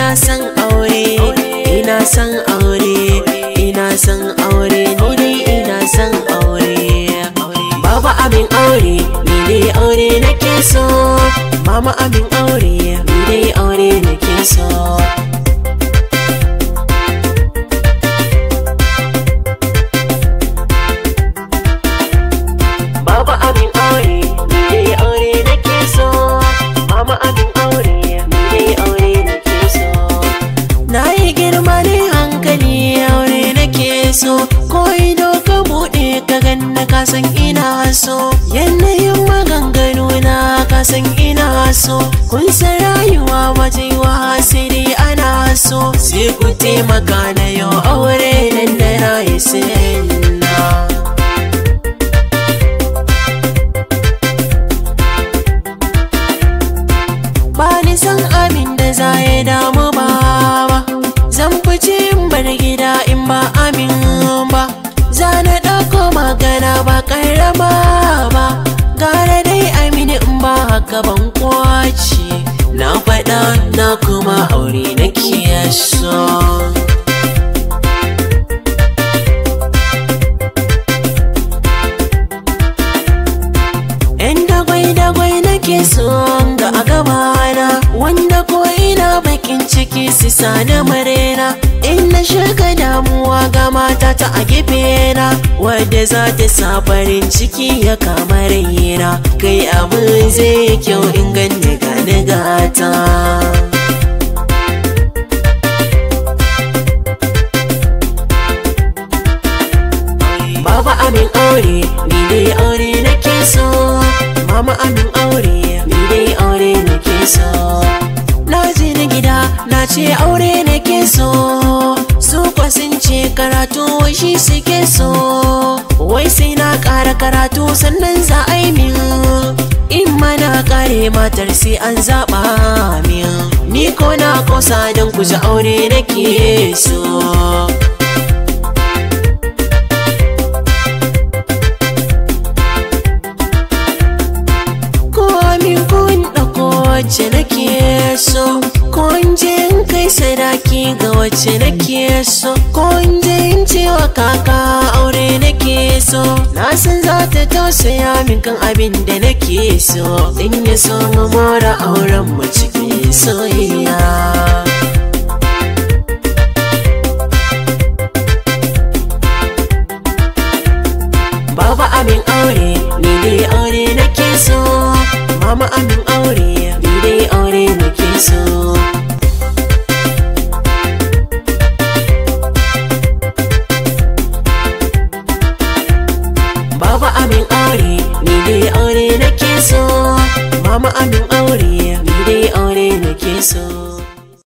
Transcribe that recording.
ina san aure ina san aure ina san aure ni dai ina san aure baba abin aure ni dai aure nake so mama abin aure ni dai aure nake so kasan ina so yanayin maganganu na kasan ina so kun san rayuwa waje ta wa hasiri ana so sai ku taimaka na yau aure nan da na. ba ni san abin da za ya damu ba zan fice in bar gida in ba amin a gabana wanda ko ina bakin ciki su sani marena in na shiga damuwa ga matata a gefena wadda za ta sa farin ciki ya kama raina kai abin zai kyau in so su sun ce karatu shi suke so wai sai na ƙara karatu sannan za a yi min in mana ƙare matar sai an zaɓa min ni ko na kosa don ku ji aure nake so wacce nake so je sadaki ga wacce nake so ko in in ce wa kaka aure nake so na san za ta tausaya min kan abin da nake so in ya so mu mora auren mu cikin soyayya Baba amin aure, ni dai aure nake so. Mama amin aure, ni dai aure nake so. mama abin aure ni dai aure nake so